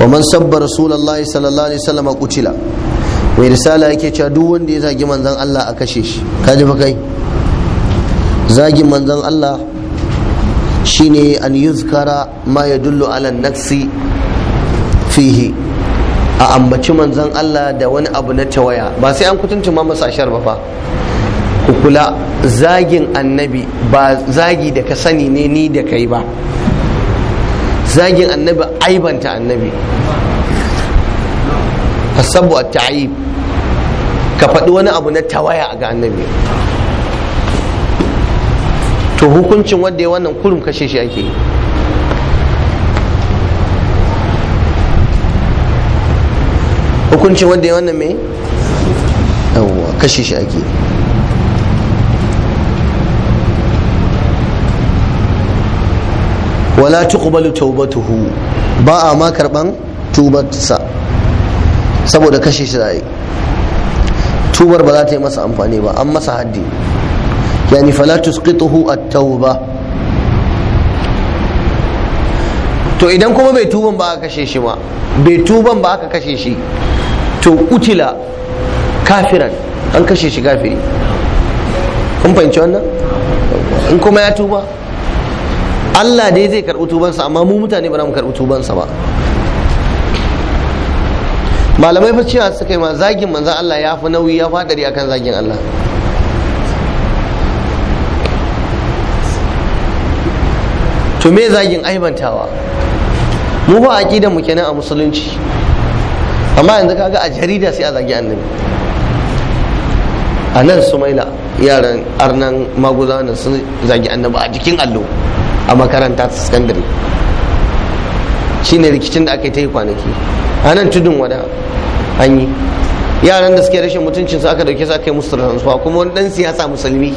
ومن سب رسول الله صلى الله عليه وسلم قتل mai risala yake cewa duk wanda ya zagi manzon Allah a kashe shi kaji fa kai zagi manzon Allah shine an yuzkara ma yadullu ala nafsi fihi a ambaci manzan Allah da wani abu na tawaya ba sai an kutunta ma masa ashar ba fa ku kula zagin annabi ba zagi da ka sani ne ni da kai ba zagin annabi aibanta annabi tasabbu at ta'ib ka faɗi wani abu na tawaya ga annabi to hukuncin wanda ya wannan kurum kashe shi ake yi hukuncin wanda ya wannan me kashe shi ake yi wala tuqbalu tawbatuhu ba a ma karban tubarsa saboda kashe shi zai tubar ba za ta yi masa amfani ba an masa haddi yani fala tusqituhu at-tauba to idan kuma bai tuban ba aka kashe shi ma bai tuban ba aka kashe shi to utila kafiran an kashe shi kafiri kun fahimci wannan in kuma ya tuba Allah dai zai karɓi tubansa amma mu mutane ba za mu karɓi tubansa ba malamai fa cewa suka yi ma zagin manzan Allah ya fi nauyi ya fadari akan zagin Allah to me zagin aibantawa mu ba aqidan mu kenan a musulunci amma yanzu kaga a jarida sai a zagi annabi a nan sumaila yaran arnan maguza sun zagi annabi a jikin allo a makaranta ta sakandare shine rikicin da aka yi ta yi kwanaki a nan tudun wada an yi yaran da suke rashin mutuncin su aka dauke su aka yi musu rantsuwa kuma wani dan siyasa musulmi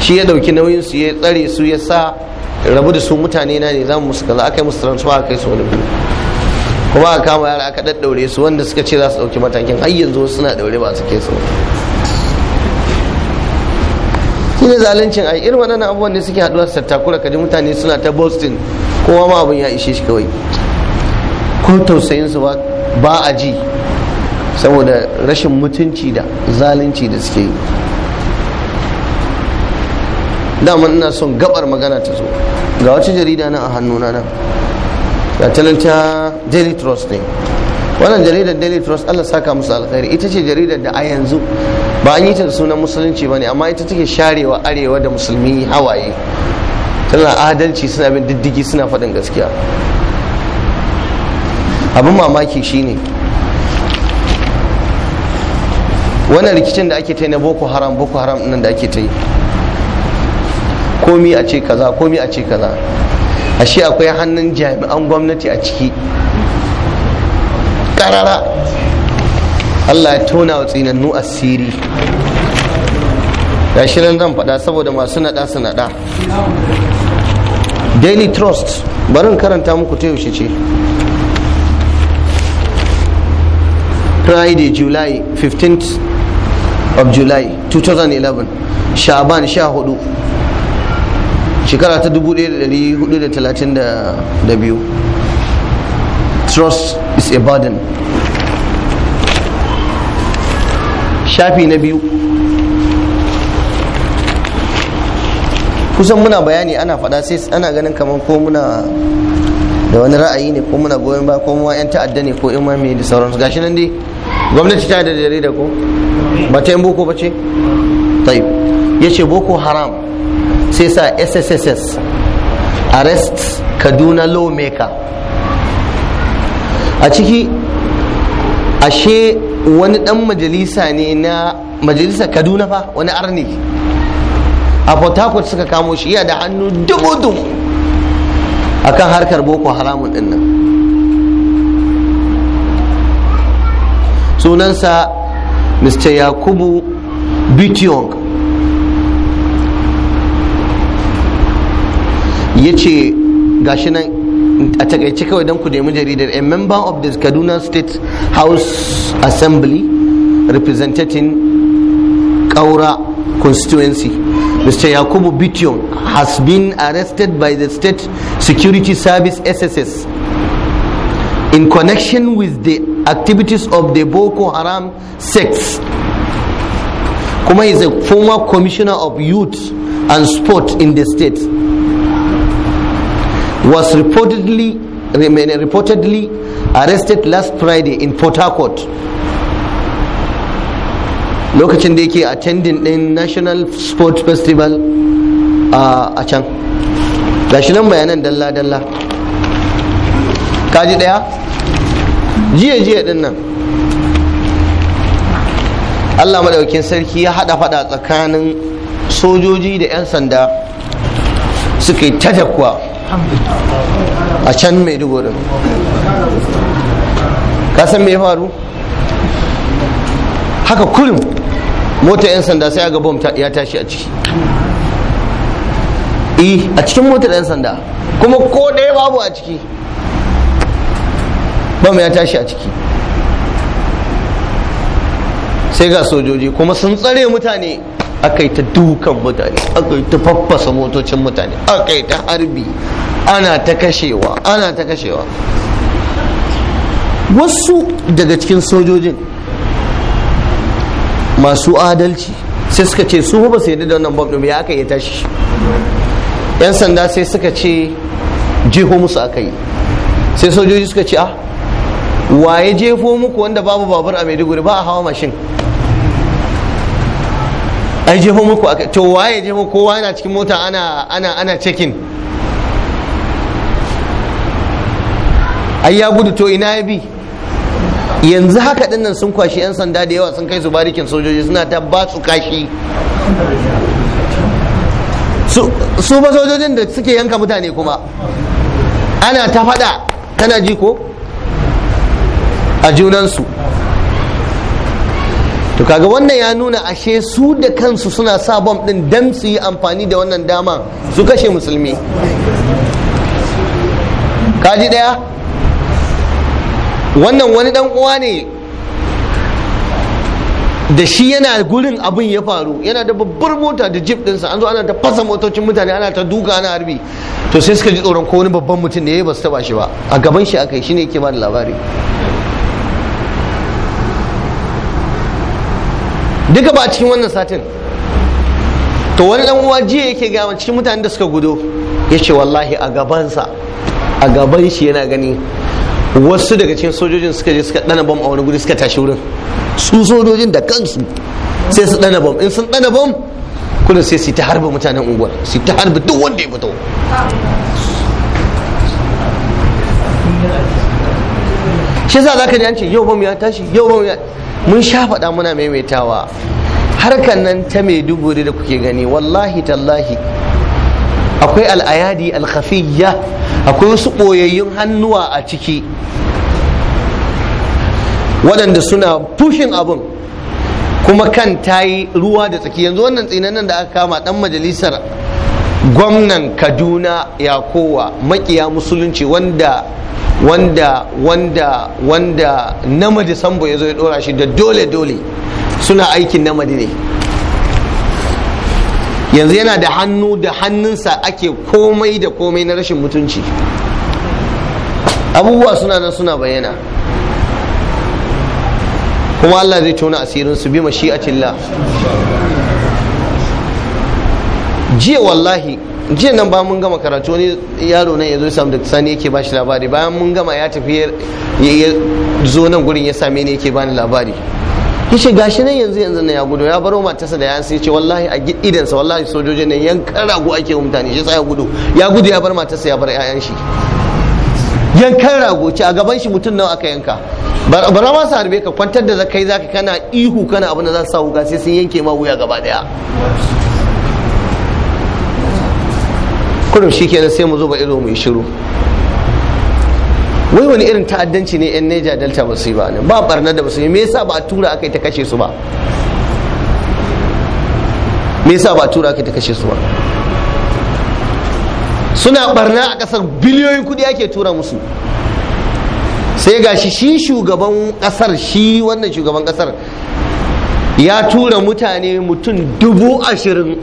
shi ya dauki nauyin su ya tsare su ya sa rabu da su mutane na ne zamu musu kaza aka yi musu rantsuwa aka yi su wani biyu kuma aka kama yara aka daddaure su wanda suka ce za su dauki matakin har yanzu suna daure ba su ke su shine zaluncin ai irin wannan abubuwan ne suke haduwa su takura kaji mutane suna ta Boston kowa ma abin ya ishe shi kawai ko tausayin su ba a ji saboda rashin mutunci da zalunci da suke yi dama ina son gabar magana ta zo ga wata jarida na a hannuna nan ga talanta daily trust ne wannan jaridar daily trust allah saka musu alkhairi ita ce jaridar da a yanzu ba an yi ta sunan musulunci ba ne amma ita take sharewa arewa da musulmi hawaye tana adalci suna bin diddigi suna faɗin gaskiya abin mamaki shine wannan rikicin da ake ta yi na boko haram boko haram nan da ake ta yi komi a ce kaza komi a ce kaza ashe akwai hannun jami'an gwamnati a ciki karara Allah ya tona wa tsinannu asiri ya shi nan zan faɗa saboda masu naɗa su naɗa daily trust barin karanta muku ta yaushe ce friday july 15th of july 2011 sha 14 shekara ta 1432 trust is a burden shafi na biyu kusan muna bayani ana fada sai ana ganin kamar ko muna da wani ra'ayi ne ko muna goyon ba ko muma 'yan ta'adda ne ko imami da sauransu gashi nan dai gwamnati ta da jarida ko ba ta yin boko ba ce tayi ya ce boko haram sai sa sss arrest kaduna lawmaker a ciki ashe wani dan majalisa ne na majalisa kaduna fa wani arni a port suka kamo shi iya da hannu dubu dubu akan harkar boko haramun din nan sunansa mr yakubu bitiong ya ce gashi nan a takaice kawai don ku nemi jaridar a member of the kaduna state house assembly representing kaura constituency mr yakubu bition has been arrested by the state security service sss in connection with the activities of the boko haram sects kuma is a former commissioner of youth and sport in the state was reportedly reportedly arrested last Friday in Port Harcourt lokacin da yake attending din National Sports Festival a can gashi nan bayanan dalla-dalla kaji daya jiya-jiya din nan Allah madaukin sarki ya hada fada tsakanin sojoji da 'yan sanda suka yi ta a can mai maiduguri kasan me faru haka kullum Mota 'yan sanda sai aga bom ya tashi a ciki E, a cikin mota 'yan sanda kuma ko ɗaya babu a ciki bom ya tashi a ciki sai ga sojoji kuma sun tsare mutane aka yi ta dukan mutane aka yi ta faffasa motocin mutane aka yi ta harbi ana ta kashewa ana ta kashewa wasu daga cikin sojojin masu adalci sai suka ce su ba su yi da wannan bam ya aka yi tashi yan sanda sai suka ce jeho musu aka yi sai sojoji suka ce ah waye jefo muku wanda babu babur a maiduguri ba a hawa mashin ai jefo muku to waye jefo kowa yana cikin mota ana ana ana checking ai ya gudu to ina ya bi yanzu haka dinnan sun kwashi yan sanda da yawa sun kai su barikin sojoji suna ta ba su kashi su ba sojojin da suke yanka mutane kuma ana ta faɗa tana ji ko a junansu to kaga wannan ya nuna ashe su da kansu suna sa bom din dan su yi amfani da wannan dama su kashe musulmi kaji daya wannan wani dan uwa ne da shi yana gurin abin ya faru yana da babbar mota da jeep dinsa an zo ana ta fasa motocin mutane ana ta duka ana harbi to sai suka ji tsoron ko wani babban mutum ne ya ba su taba shi ba a gaban shi aka yi shine yake ba da labari duka ba a cikin wannan satin to wani dan uwa jiya yake gama cikin mutanen da suka gudo ya ce wallahi a gabansa a gaban shi yana gani wasu daga cikin sojojin suka je suka dana bom a wani guri suka tashi wurin su sojojin da kansu sai su dana bom in sun dana bom kullum sai su ta harba mutanen unguwar su ta harba duk wanda ya fito shi za ka ji an ce yau bom ya tashi yau bom ya mun sha faɗa muna maimaitawa harkan nan ta maiduguri da kuke gani wallahi tallahi akwai al'ayadi alkhafiyya akwai wasu ɓoyayyun hannuwa a ciki waɗanda suna fushin abin kuma kan tayi ruwa da tsaki yanzu wannan tsinanin da aka kama ɗan majalisar gwamnan kaduna yakowa makiya musulunci wanda wanda wanda wanda namadi sambo ya zo ya dora shi da dole dole suna aikin namadi ne yanzu yana da hannu da hannunsa ake komai da komai na rashin mutunci abubuwa suna nan suna bayyana kuma allah zai tona asirin su bi mashi'atillah jiya wallahi jiya nan ba mun gama karatu ne yaro nan ya zo samun da sani yake ba shi labari bayan mun gama ya tafi ya zo nan gurin ya same ne yake bani labari kishi gashi nan yanzu yanzu na ya gudu ya baro matarsa da yayan sai ce wallahi a sa wallahi sojojin nan yan rago ake wa mutane shi ya gudu ya gudu ya bar matarsa ya bar yayan shi yankan rago ce a gaban shi mutum nawa aka yanka bara ma su harbe ka kwantar da kai zaka kana ihu kana abin da za su sa wuga sai sun yanke ma wuya gaba daya kurum shi kenan sai mu zuba ido mu yi shiru wai wani irin ta'addanci ne yan neja delta ba su yi ba ba barnar da ba su yi me yasa ba a tura aka yi ta kashe su ba me yasa ba a tura aka yi ta kashe su ba suna barna a kasar biliyoyin kudi ake tura musu sai ga shi shi shugaban kasar shi wannan shugaban kasar ya tura mutane mutum dubu ashirin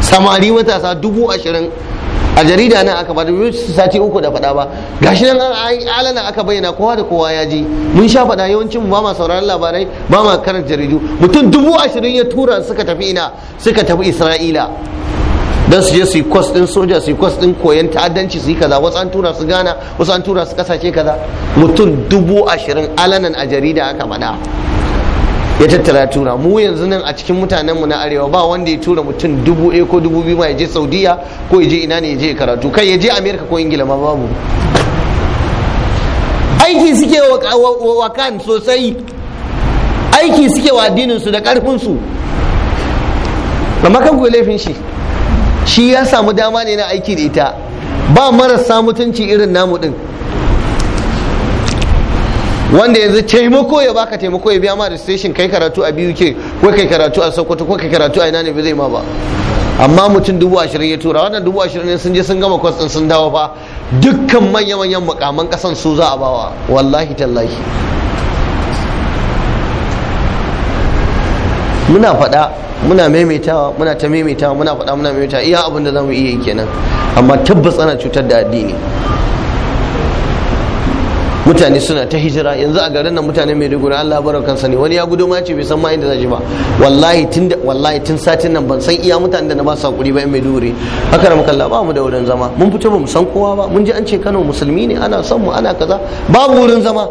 samari matasa dubu ashirin a jarida nan aka bada wuce sati uku da faɗa ba gashi nan an alana aka bayyana kowa da kowa ya je. mun sha faɗa yawancin mu ba ma sauraron labarai ba ma karar jaridu mutum dubu ashirin ya tura suka tafi ina suka tafi isra'ila don su je su yi kwas din soja su yi din koyon ta'addanci su yi kaza wasu an tura su gana wasu an tura su kasashe kaza mutum dubu ashirin alanan a jarida aka faɗa ya tattara tura mu yanzu nan a cikin mutanen mu na arewa ba wanda ya tura mutum dubu ɗaya ko dubu biyu ma ya je saudiya ko ya je ina ne ya je karatu kai ya je amerika ko ingila ma babu aiki suke wa kan sosai aiki suke wa su da ƙarfinsu amma kan laifin shi shi ya samu dama ne na aiki da ita ba marasa mutunci irin namu din wanda yanzu taimako ya baka taimako ya biya ma da station kai karatu a biyu ke ko kai karatu a sokoto ko kai karatu a ina ne zai ma ba amma mutum dubu ashirin ya tura wannan dubu ashirin sun je sun gama kwastin sun dawo fa dukkan manya-manyan mukaman kasan su za a bawa wallahi tallahi muna faɗa muna maimaitawa muna ta maimaitawa muna faɗa muna maimaitawa iya abin da za mu iya kenan amma tabbas ana cutar da addini mutane suna ta hijira yanzu a garin nan mutane mai rigura Allah kan ne wani ya gudu ma ce bai san ma inda zai ba wallahi tun wallahi tun satin nan ban san iya mutanen da na ba su hakuri ba in mai dure haka ramu kalla ba mu da wurin zama mun fito ba mu san kowa ba mun ji an ce Kano musulmi ne ana son mu ana kaza babu wurin zama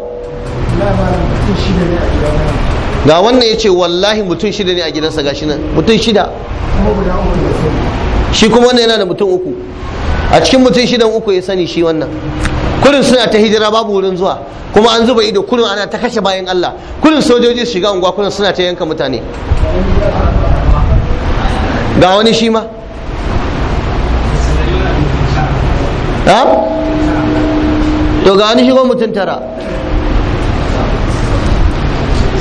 ga wannan ya ce wallahi mutum shida ne a gidansa gashi nan mutum shida shi kuma wannan yana da mutum uku a cikin mutum shidan uku ya sani shi wannan kurin suna ta hijira babu wurin zuwa kuma an zuba ido kurin ana ta kashe bayan Allah kurin sojoji su shiga unguwa kurin suna ta yanka mutane ga wani shi ma to ga wani shigo mutum tara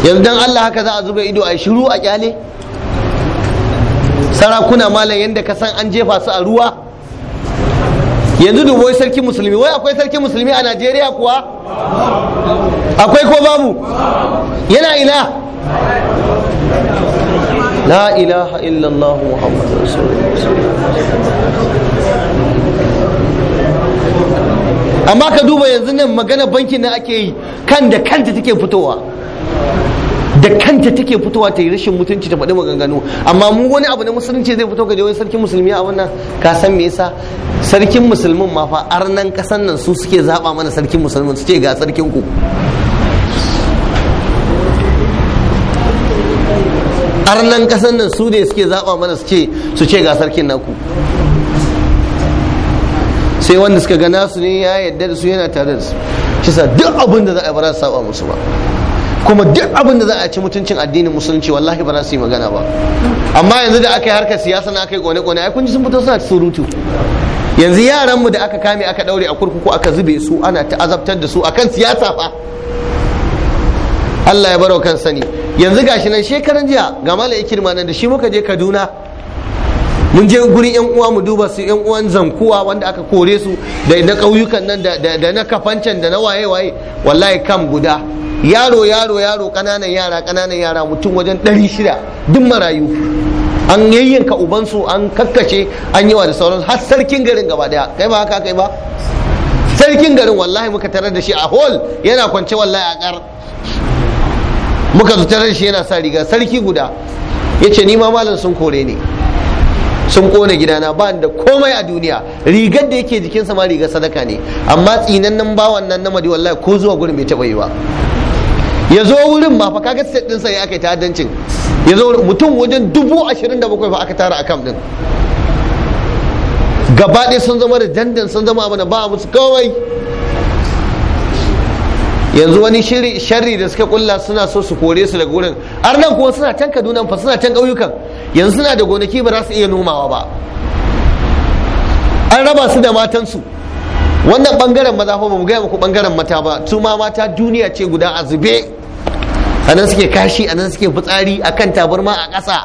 yanzu dan Allah haka za a zuba ido a shiru a kyale sarakuna malam yadda ka san an jefa su a ruwa yanzu wai sarki musulmi wai akwai sarki musulmi a najeriya kuwa akwai ko babu yana ina la ilaha illallah muhammad amma ka duba yanzu nan magana bankin na ake yi kan da kanta take fitowa da kanta take fitowa ta yi rashin mutunci ta faɗi maganganu amma mu wani abu na musulunci zai fito ka je wani sarkin musulmi a wannan ka san me yasa sarkin musulmin ma fa arnan kasan nan su suke zaba mana sarkin musulmin su ce ga sarkin ku arnan kasan nan su ne suke zaba mana su ce su ce ga sarkin naku sai wanda suka gana su ne ya yadda da su yana tare da su kisa duk abin da za a yi ba za su saba musu ba kuma duk abin da za a ci mutuncin addinin musulunci wallahi ba za su yi magana ba amma yanzu da aka yi harkar siyasa na aka yi kone kone ai kun ji sun fito suna surutu yanzu yaranmu da aka kame aka daure a kurkuku aka zube su ana azabtar da su akan siyasa fa Allah ya baro kan sani yanzu gashi nan shekaran jiya ga malam ikirma nan da shi muka je Kaduna mun je gurin yan uwa mu duba su yan uwan zankuwa wanda aka kore su da na ƙauyukan nan da na kafancan da na waye waye wallahi kam guda yaro yaro yaro kananan yara kananan yara mutum wajen 600 duk marayu an yayyanka ubansu an kakkashe an yawa da sauran har sarkin garin gaba daya kai ba haka kai ba sarkin garin wallahi muka tarar da shi a hall yana kwance wallahi a kar muka zo tarar da shi yana sa riga sarki guda yace ni ma malam sun kore ne sun kone gidana ba da komai a duniya rigar da yake jikinsa ma rigar sadaka ne amma tsinannen bawan nan na madi wallahi ko zuwa gurin bai taba yi ba ya zo wurin ma fa kaga set din sai aka yi ta'addancin ya zo mutum wajen dubu ashirin da bakwai fa aka tara akam din gaba ɗaya sun zama da dandan sun zama abin da ba musu kawai yanzu wani shiri sharri da suka kulla suna so su kore su daga wurin har nan kuma suna can kaduna fa suna can ƙauyukan yanzu suna da gonaki ba za su iya nomawa ba an raba su da matansu wannan bangaren maza fa ba mu gaya muku bangaren mata ba su ma mata duniya ce guda a zube a suke kashi a suke fitsari akan kan tabarma a ƙasa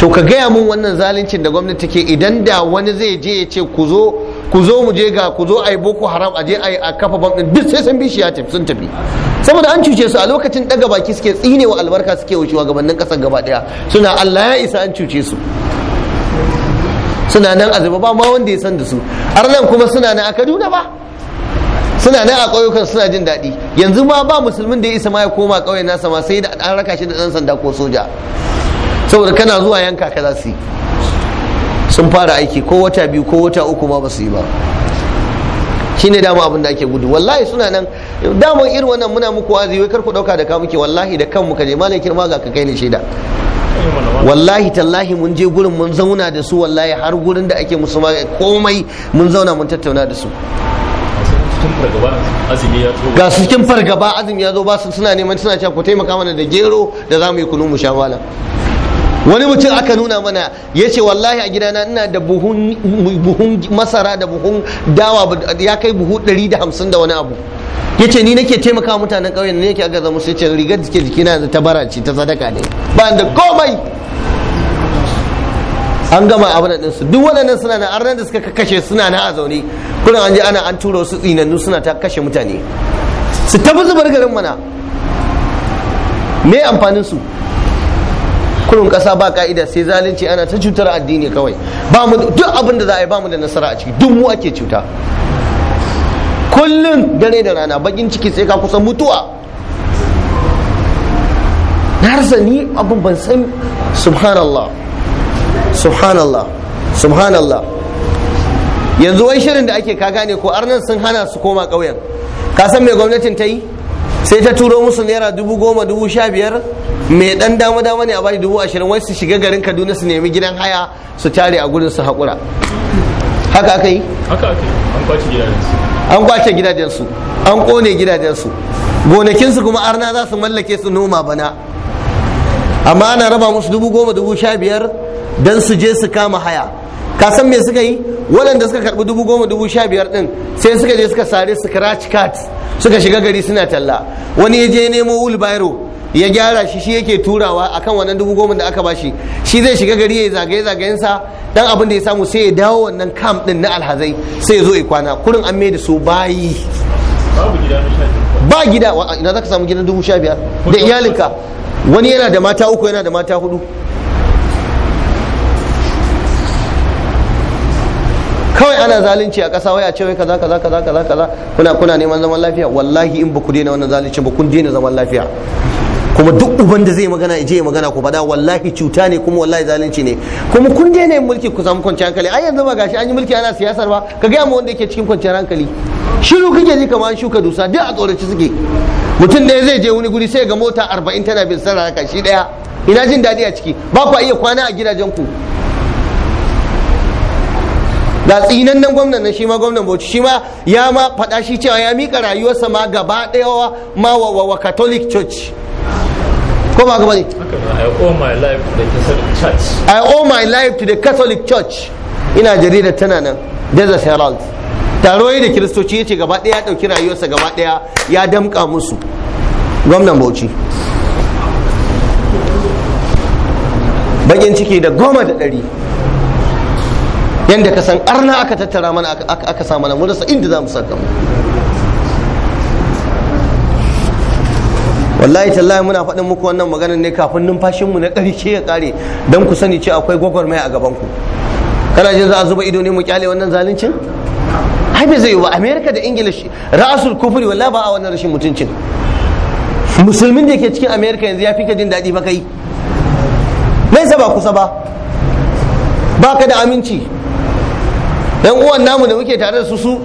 to ka gaya mun wannan zaluncin da gwamnati take idan da wani zai je ya ce ku zo ku zo mu je ga ku zo ai boko haram aje ai a kafa bam din duk sai sun bi shi ya tafi sun tafi saboda an cuce su a lokacin daga baki suke tsinewa albarka suke wa gabanin kasar gaba daya suna Allah ya isa an cuce su suna nan azaba ba ma wanda ya san da su har nan kuma suna nan a Kaduna ba suna nan a ƙauyukan suna jin daɗi yanzu ma ba musulmin da ya isa ma ya koma ƙauyen nasa ma sai da an raka shi da ɗan sanda ko soja saboda kana zuwa yanka ka za su yi sun fara aiki ko wata biyu ko wata uku ma ba su yi ba shine dama abin da ake gudu wallahi suna nan dama irin wannan muna muku wazi wai kar ku dauka da ka wallahi da kanmu ka je malai kirma ga ka kai ne shaida wallahi tallahi mun je gurin mun zauna da su wallahi har gurin da ake musu komai mun zauna mun tattauna da su fargaba azumi ya zo ga su cikin fargaba azumi ya zo ba su suna neman suna cewa ku taimaka mana da gero da za mu yi kunu mu sha malam wani mutum aka nuna mana ya ce wallahi a gidana ina da buhun masara da buhun dawa ya kai buhu 150 da wani abu ya ce ni nake taimaka mutanen ƙauyen ne yake aka zama sai ce rigar jike jikina ta bara ce ta sadaka ne ba da komai an gama abin din su duk waɗannan suna na arnan da suka kashe suna na a zaune kullum an ji ana an turo su tsinannu suna ta kashe mutane su tafi zubar garin mana me amfanin su kurun kasa ba ka'ida sai zalunci ana ta cutar addini kawai ba duk abin da za a yi ba mu da nasara a ciki duk mu ake cuta kullum dare da rana bakin ciki sai ka kusan mutuwa na rasa ni abin ban san subhanallah subhanallah subhanallah yanzu wai shirin da ake ka gane ko arnan sun hana su koma ƙauyen ka san me gwamnatin ta yi sai ta turo musu naira dubu goma dubu sha biyar mai dan dama dama ne a bari dubu ashirin wai su shiga garin kaduna su nemi gidan haya su tare a gurin su haƙura haka aka yi haka aka yi an kwace gidajensu an kwace gidajensu an kone gidajensu gonakinsu kuma arna za su mallake su noma bana amma ana raba musu dubu goma dubu sha biyar don su je su kama haya ka san me suka yi waɗanda suka karɓi dubu goma dubu sha biyar ɗin sai suka je suka sare scratch card suka shiga gari suna talla wani ya je nemo wheelbarrow ya gyara shi shi yake turawa akan wannan dubu goma da aka bashi shi zai shiga gari ya zagaye zagayensa dan abin da ya samu sai ya dawo wannan camp ɗin na alhazai sai ya zo ya kwana kurin an mai da su bayi ba gida ina zaka samu gidan dubu sha biyar da iyalinka wani yana da mata uku yana da mata hudu kawai ana zalunci a ƙasa wai a ce wai kaza kaza kaza kaza kaza kuna kuna neman zaman lafiya wallahi in ba ku daina wannan zalunci ba kun daina zaman lafiya kuma duk uban da zai magana je ya magana ku fada wallahi cuta ne kuma wallahi zalunci ne kuma kun daina yin mulki ku samu kwanciyar hankali ai yanzu ba gashi an yi mulki ana siyasar ba ka gaya mu wanda yake cikin kwanciyar hankali shiru kake ji kamar an shuka dusa duk a tsoraci suke mutum ne zai je wani guri sai ga mota arba'in tana bin sarara shi daya ina jin daɗi a ciki ba ku iya kwana a gidajen ku ga nan gwamnan nan shi ma gwamnan bauchi shi ma ya ma faɗa shi cewa ya mika rayuwarsa ma gaba dayawa ma wa wa catholic church ko ba gaba ne i owe my life to the catholic church i owe my life to the catholic church ina jaridar tana nan desert herald taro da kiristoci ya ce gaba ɗaya ya ɗauki rayuwarsa gaba ɗaya ya damƙa musu gwamnan bauchi bakin ciki da goma da ɗari yanda ka san arna aka tattara mana aka sa mana murasa inda za mu saka mu wallahi tallahi muna faɗin muku wannan maganar ne kafin numfashinmu na ƙarshe ya ƙare don ku sani ce akwai gwagwarmai a gabanku kana jin za a zuba ido ne mu kyale wannan zaluncin ai bai zai yi ba america da ingilish ra'asul kufri wallahi ba a wannan rashin mutuncin musulmin da ke cikin Amerika yanzu ya fi ka jin daɗi ba kai nesa ba kusa ba ba ka da aminci yan uwan namu da muke tare da su su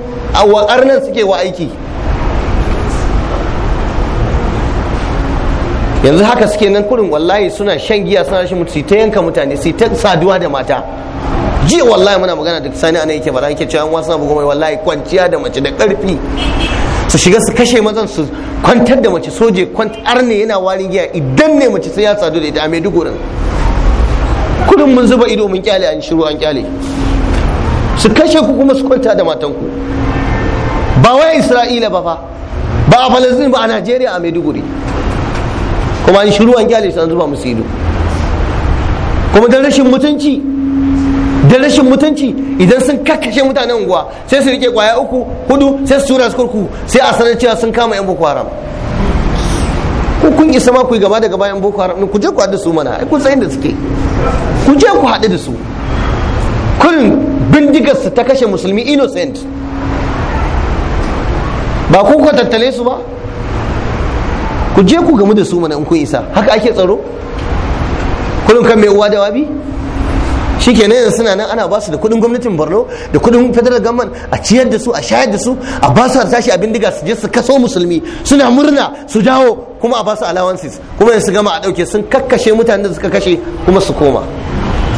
a nan suke wa aiki yanzu haka suke nan kurin wallahi suna shan giya suna shi mutu ta yanka mutane su ta saduwa da mata jiya wallahi muna magana da sani ana yake bara yake cewa yan wasu abubuwa mai wallahi kwanciya da mace da karfi su shiga su kashe mazan su kwantar da mace soje kwantar ne yana warin giya idan ne mace sai ya sadu da ita a dugurin kudin mun zuba ido mun kyale an shiru an kyale su kashe ku kuma su kwanta da matanku ba wai isra'ila ba fa ba a falazin ba a najeriya a maiduguri kuma an shiru an gyale su an zuba musu ido kuma da rashin mutunci da rashin mutunci idan sun kakashe mutanen unguwa sai su rike kwaya uku hudu sai su tura su kurku sai a sanar cewa sun kama yan boko haram ko kun isa ma ku yi gaba da gaba boko haram ku je ku haɗu su mana ai kun tsayin da suke ku je ku haɗu da su kurin bindigarsu ta kashe musulmi innocent ba ku ka tattale su ba ku je ku gamu da su mana in kun isa haka ake tsaro kudin kan mai uwa da wabi ke yanzu suna nan ana basu su da kudin gwamnatin borno da kudin federal government a ciyar da su a shayar da su a ba su harsashi abin diga su je su kaso musulmi suna murna su dawo kuma a ba su allowances kuma su gama a dauke sun kakkashe mutanen da suka kashe kuma su koma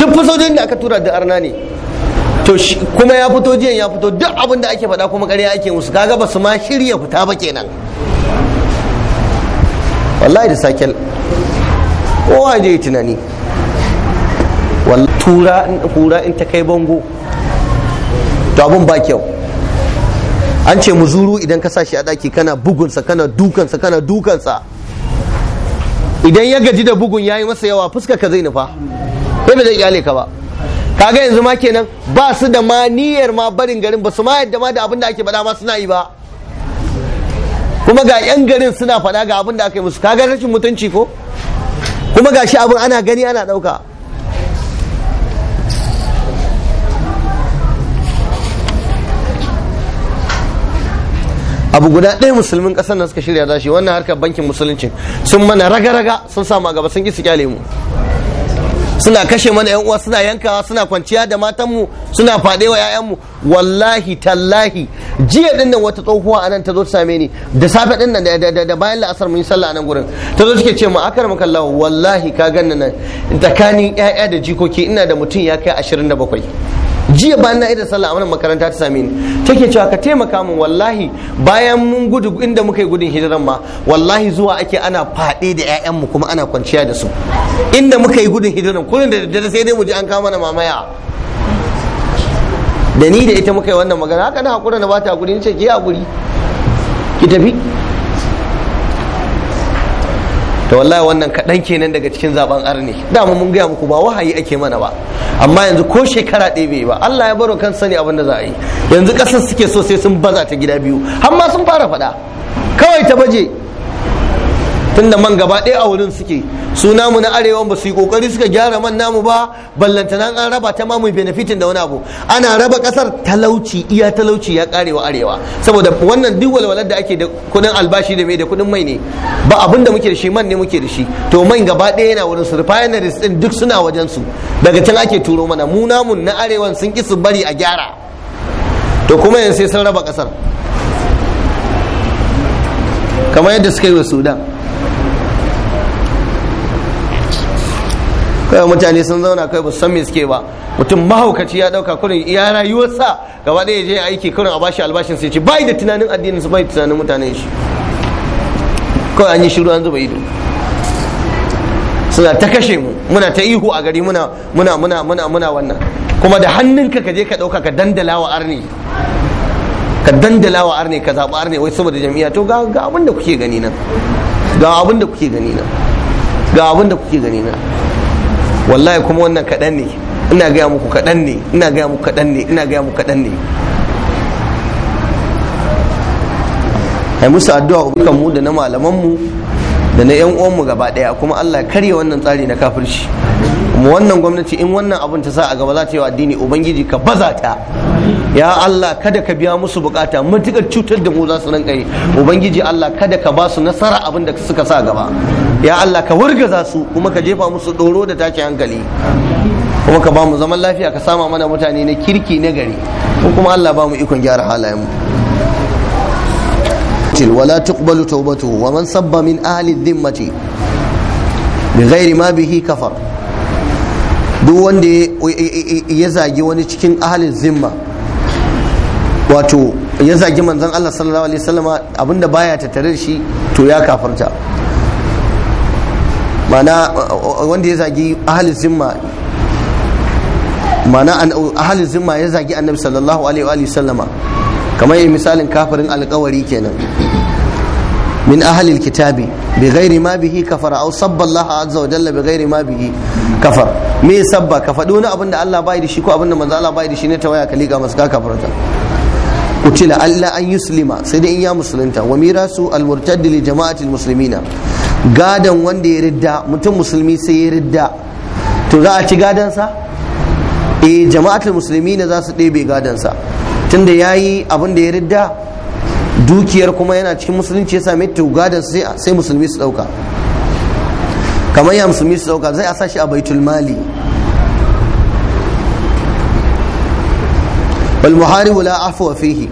duk fasojin da aka tura da arna ne to kuma ya fito jiya ya fito duk abin da ake faɗa kuma ƙarya ake musu kaga ba su ma shirya fita ba kenan wallahi da sakel kowa je yi tunani tura hura in ta kai bango to abin ba kyau an ce muzuru idan ka shi a ɗaki kana bugunsa kana dukansa kana dukansa idan ya gaji da bugun ya yi masa yawa fuska ka zai nufa sai ba zai kyale ka ba kaga yanzu ma kenan ba su da ma niyyar ma barin garin ba su ma yadda ma da abin da ake faɗa ma suna yi ba kuma ga 'yan garin suna faɗa ga abin da aka yi musu kaga rashin mutunci ko kuma ga shi abin ana gani ana ɗauka abu guda ɗaya musulmin ƙasar nan suka shirya shi wannan harkar bankin musulunci sun mana raga-raga sun sa gaba sun ƙi su kyale mu suna kashe mana yan uwa suna yankawa suna kwanciya da matanmu suna faɗe wa mu wallahi tallahi jiya din wata tsohuwa anan ta zo ta same ni da safe din nan da bayan la'asar mun yi sallah anan gurin ta zo take ce mu akar maka Allah wallahi ka ganna nan tsakanin 'ya'ya da jikoki ina da mutum ya kai 27 jiya bayan na idan sallah a mana makaranta ta same ni take cewa ka taimaka min wallahi bayan mun gudu inda muka yi gudun hijiran ma wallahi zuwa ake ana faɗe da 'ya'yanmu kuma ana kwanciya da su inda muka yi gudun hijiran kullum da daddare sai dai mu ji an kama na mamaya da ni da ita muka yi wannan magana haka na hakura na bata guri ni ce ki guri ki tafi to wallahi wannan kaɗan kenan daga cikin zaben arni dama mun gaya muku ba wahayi ake mana ba amma yanzu ko shekara ɗaya bai ba Allah ya baro kan sani abin da za a yi yanzu ƙasar suke so sai sun baza ta gida biyu har ma sun fara faɗa kawai ta baje da man gaba ɗaya a wurin suke su namu na arewa ba su yi kokari suka gyara man namu ba ballantana an raba ta ma mamu benefitin da wani abu ana raba kasar talauci iya talauci ya karewa arewa saboda wannan duk walwalar da ake da kudin albashi da mai da kudin mai ne ba abin da muke da shi man ne muke da shi to man gaba ɗaya yana wurin su refineries din duk suna wajen su daga can ake turo mana mu namun na arewa sun ki su bari a gyara to kuma yanzu sai sun raba kasar kamar yadda suka yi wa sudan kai mutane sun zauna kai ba san me suke ba mutum mahaukaci ya dauka kurin ya rayuwarsa gaba ɗaya je aiki kurin a bashi albashin sai ce bai da tunanin addinin su bai da tunanin mutanen shi kawai an yi shiru an zuba ido suna ta kashe mu muna ta ihu a gari muna muna muna muna muna wannan kuma da hannunka ka je ka dauka ka dandala wa arni ka dandala wa arne ka zaɓi arne wai saboda jami'a to ga abin da kuke gani nan ga abin da kuke gani nan ga abin da kuke gani nan wallahi kuma wannan kaɗan ne ina gaya muku kaɗan ne ina gaya muku kaɗan ne ina gaya muku kaɗan ne ai musu addu'a ubukan mu da na malaman mu da na yan uwanmu gaba daya kuma Allah karya wannan tsari na kafirci kuma wannan gwamnati in wannan abun ta sa a gaba za ta yi wa addini ubangiji ka baza ta ya Allah kada ka biya musu bukata matukar cutar da mu za su nan kai, ubangiji Allah kada ka ba su nasara abin da suka sa gaba ya Allah ka wargaza su kuma ka jefa musu doro da take hankali kuma ka ba mu zaman lafiya ka sama mana mutane na kirki na gari kuma Allah ba mu ikon gyara halayen mu يقتل ولا تقبل توبته ومن سب من أهل الذمة بغير ما به كفر duk wanda ya zagi wani cikin ahalin zimma wato ya zagi manzon Allah sallallahu alaihi wasallama abinda baya tattare da shi to ya kafarta mana wanda ya zagi ahalin zimma mana ahalin zimma ya zagi annabi sallallahu alaihi wasallama kamar misalin kafirin alkawari kenan min ahalil kitabi bi ghairi ma kafar aw sabba Allah azza wa jalla bi ghairi ma kafar me sabba ka faɗi wani abin Allah bai da shi ko abin da Allah bai da shi ne ta waya ka liga masu ka kafarta kutila Allah an yuslima sai dai in ya musulunta Wamirasu, mirasu al-murtadd li jama'ati muslimina gadan wanda ya ridda mutum musulmi sai ya ridda to za a ci gadan sa eh jama'atul muslimina za su ɗebe gadon sa tunda yayi abin da ya ridda dukiyar kuma yana cikin musulunci ya sami ta gadan sai musulmi su dauka kamar ya musulmi su dauka zai a sa shi a baitul mali wal muharibu la afwa fihi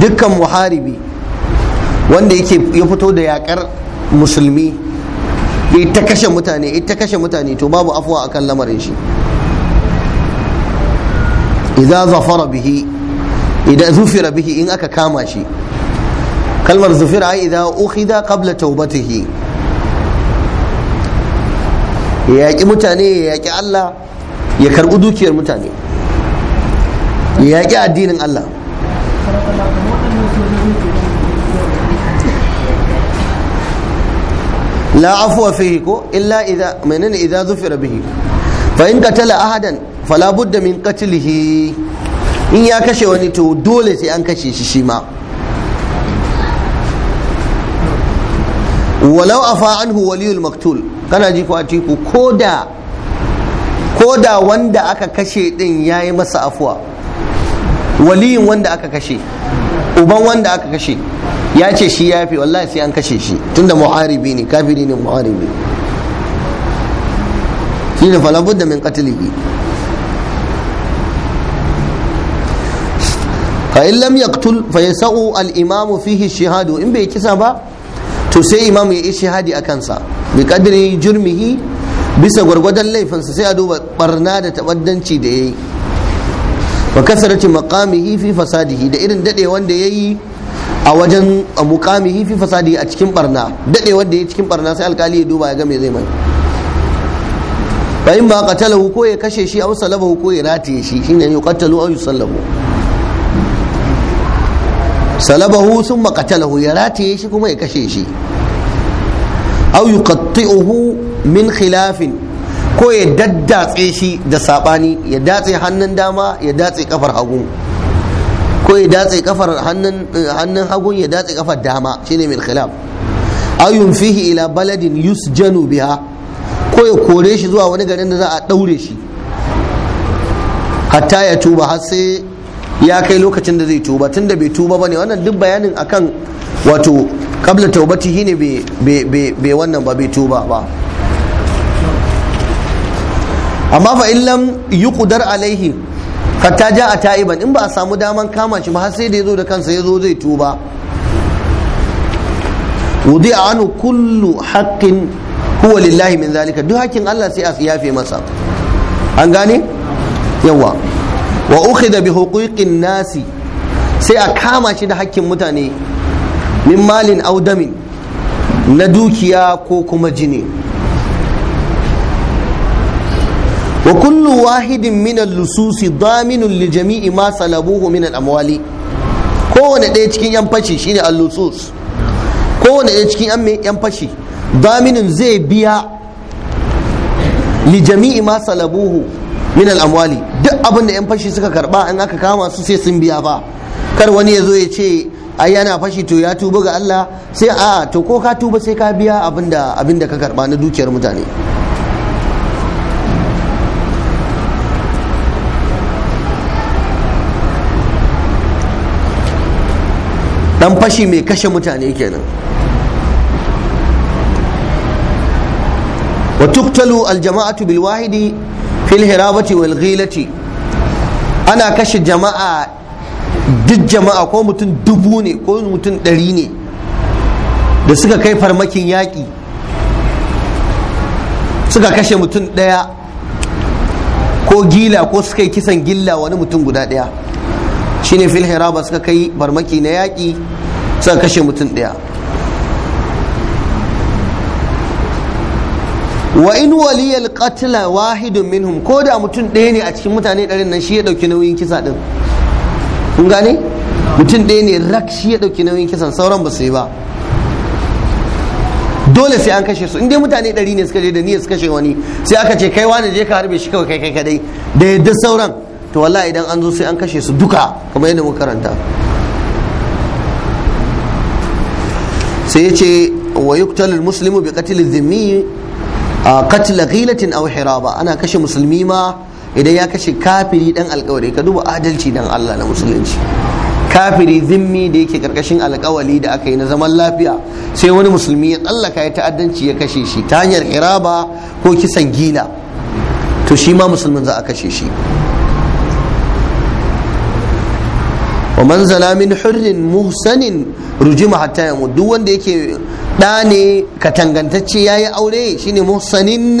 dukkan muharibi wanda yake ya fito da yakar musulmi ta kashe mutane ita kashe mutane to babu afuwa akan lamarin shi idza zafara bihi idan zufira bihi in aka kama shi kalmar zufira ai idan ukhida qabla taubatihi ya yaƙi mutane ya yaƙi Allah ya karɓi dukiyar mutane ya yaƙi addinin Allah la afwa fihi ko illa idza menene idza zufira bihi fa in qatala ahadan fala budda min qatlihi in ya kashe wani to dole sai an kashe shi shi ma walau afa anhu waliyul maktul kana ji ko a tiku koda koda wanda aka kashe din yayi masa afuwa waliyin wanda aka kashe uban wanda aka kashe ya ce shi ya fi wallahi sai an kashe shi tunda muharibi ne kafiri ne muharibi shi ne da min qatlihi fa in lam yaqtul fa yasau al imamu fihi shahadu in bai kisa ba to sai imam ya yi shahadi a kansa bi kadri jurmihi bisa gwargwadon laifinsa sai a duba barna da tabaddanci da yayi wa kasarati maqamihi fi fasadihi da irin dade wanda yayi a wajen muqamihi fi fasadihi a cikin barna dade wanda yayi cikin barna sai alkali ya duba ya ga me zai mai fa in ma qatalahu ko ya kashe shi aw salabahu ko ya rataye shi shine yuqatalu aw yusallabu salabahu sun makatalahu ya rataye shi kuma ya kashe shi au yuqatti'uhu min khilafin ko ya daddatse shi da sabani ya datse hannun dama ya datse kafar hagu ko ya datse kafar eh, hannun hagu ya datse kafar dama shine min khilaf au yunfihi ila baladin yusjanu biha ko ya kore shi zuwa wani garin da za a daure shi hatta ya tuba har sai ya kai lokacin da zai tuba tun da bai tuba bane wannan duk bayanin akan wato kabla taubatihi ne bai wannan ba bai tuba ba amma fa illam kudar alaihi ta ja a ta'iban in ba a samu daman kama shi ba har sai da ya zo da kansa ya zo zai tuba a anu kullu haƙƙin huwa lillahi min zalika duk hakkin Allah sai a siyafe masa an gane yawa wa ukhidha bi huquqin nasi sai a kama shi da hakkin mutane min malin audamin na dukiya ko kuma jini wa kullu wahidin minan lususi daminun li jami'i ma salabuhu minan al-amwali kowane ɗaya cikin yan fashi shine al-lusus kowane ɗaya cikin yan fashi daminun zai biya li jami'i ma salabuhu min al'amwali duk abin da 'yan fashi suka karba in aka kama su sai sun biya ba kar wani ya zo ya ce ai yana fashi to ya tuba ga Allah sai a to ko ka tuba sai ka biya abinda abinda ka karba na dukiyar mutane dan fashi mai kashe mutane kenan wa tuktalu aljama'atu bil wahidi fil hirabati wal ghilati ana kashe jama'a duk jama'a ko mutum dubu ne ko mutum ɗari ne da suka kai farmakin yaƙi suka kashe mutum ɗaya ko gila ko suka yi kisan gilla wani mutum guda ɗaya shine fil hiraba suka kai farmaki na yaƙi suka kashe mutum ɗaya wa in waliyal qatla wahidun minhum ko da mutum ɗaya ne a cikin mutane ɗarin nan shi ya ɗauki nauyin kisa ɗin kun gane mutum ɗaya ne rak shi ya ɗauki nauyin kisan sauran ba su yi ba dole sai an kashe su in dai mutane ɗari ne suka je da niyyar su kashe wani sai aka ce kai wani je ka harbe shi kawai kai kai kadai da yadda sauran to wallahi idan an zo sai an kashe su duka kamar yadda muka karanta sai ya ce wa yuktalul muslimu bi qatlil dhimmi A qatla ghilatin aw hiraba ana kashe musulmi ma idan ya kashe kafiri dan alkawari ka duba adalci dan Allah na musulunci kafiri zimmi da yake karkashin alkawali da aka yi na zaman lafiya sai wani musulmi ya tsallaka ya ta'addanci ya kashe shi ta hanyar hiraba ko kisan gila to shi ma musulmin za a kashe shi wa man min hurrin muhsanin rujima hatta yamu duk wanda yake da ne katangantacce yayi aure shine muhsanin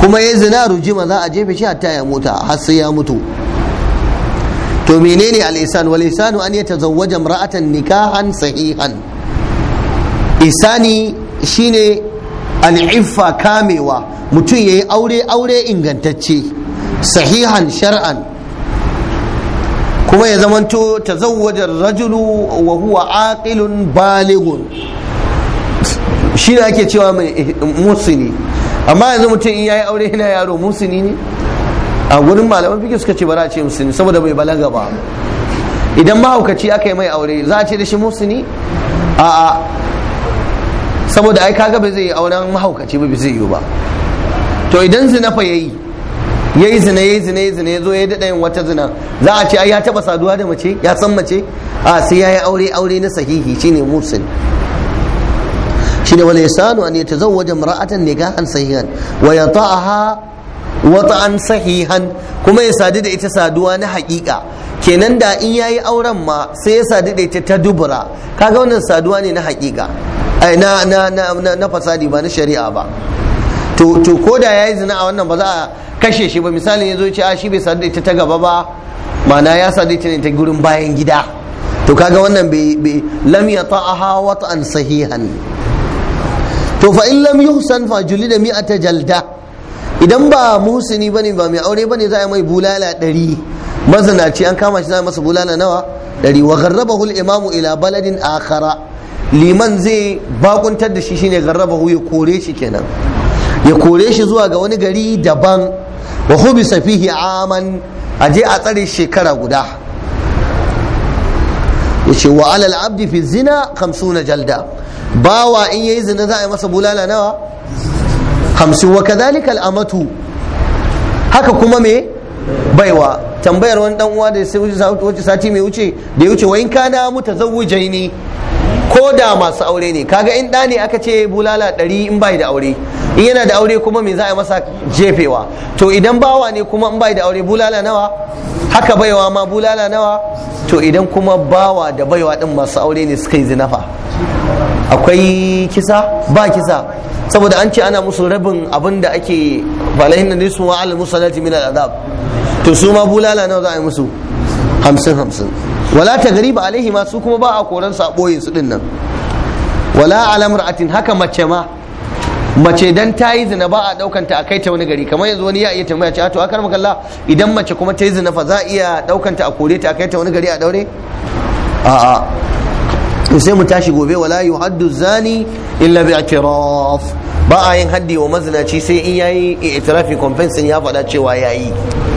kuma ya zina rujima za a jefe shi hatta ya muta har sai ya mutu to menene al-isan wal isanu an yatazawwaja imra'atan nikahan sahihan isani shine al-iffa kamewa mutum yayi aure aure ingantacce sahihan shar'an kuma ya zamanto zawajar rajulu wa huwa aqilun balighun shi ne ake cewa mai musini amma yanzu mutum in yayi aure yana yaro musini ne a gurin malaman fiqh suka ce ba za a ce musini saboda bai balaga ba idan mahaukaci aka yi mai aure za a ce da shi musini a'a saboda ai kaga bai zai yi auren mahaukaci ba zai yi ba to idan zinafa ya yayi ya yi zina ya yi zina ya zina ya zo ya daɗa yin wata zina za a ce ya taɓa saduwa da mace ya san mace a sai ya yi aure aure na sahihi shine musul shine ya sanu an wajen ne ga an sahihan wa wata an sahihan kuma ya sadu da ita saduwa na haƙiƙa kenan da in ya yi auren ma sai ya sadu da ita ta dubura kaga wannan saduwa ne na haƙiƙa ai na na na na fasadi ba na shari'a ba to to ko da yayi zina a wannan ba za a kashe shi ba misali ya zo ce a ah, shi bai sadu da ita ta gaba ba ma'ana ya sadu da ita gurin bayan gida to kaga wannan bai lam ya ta'aha wata'an sahihan to fa in lam yuhsan fa mi'a ta jalda idan ba muhsini bane ba mai aure bane za a mai bulala ɗari mazanaci an kama shi za a masa bulala nawa ɗari wa garraba hul imamu ila baladin akara liman zai bakuntar da shi shine garrabahu ya kore shi kenan ya kore shi zuwa ga wani gari daban wa safihi fihi aman aje a tsare shekara guda yace wa alal abdi fi zina na jalda bawa in yayi zina za a yi masa bulala nawa hamsin wa kadhalika al amatu haka kuma me baiwa tambayar wani dan uwa da sai wuce sati mai wuce da ya wuce wa in kana mutazawwijai ko da masu aure ne kaga in da ne aka ce bulala ɗari in bai da aure in yana da aure kuma me za a masa jefewa to idan bawa ne kuma in bai da aure bulala nawa haka baiwa ma bulala nawa to idan kuma bawa da baiwa din masu aure ne suka yi zinafa akwai kisa ba kisa saboda an ce ana musu rabin abin da ake falahin da nisu wa musallati min al'adab to su ma bulala nawa za a yi musu hamsin hamsin wala ta gariba alaihi ma su kuma ba a koran su a ɓoye su ɗin nan wala atin haka mace ma mace dan ta yi zina ba a ta a kai ta wani gari kamar yanzu wani ya iya tambaya ce to akar makalla idan mace kuma ta yi zina fa za a iya ɗaukanta a kore ta a kai ta wani gari a daure a'a a sai mu tashi gobe wala yuhaddu zani illa bi i'tiraf ba a yin haddi wa mazinaci sai in yayi i'tirafi compensation ya faɗa cewa yayi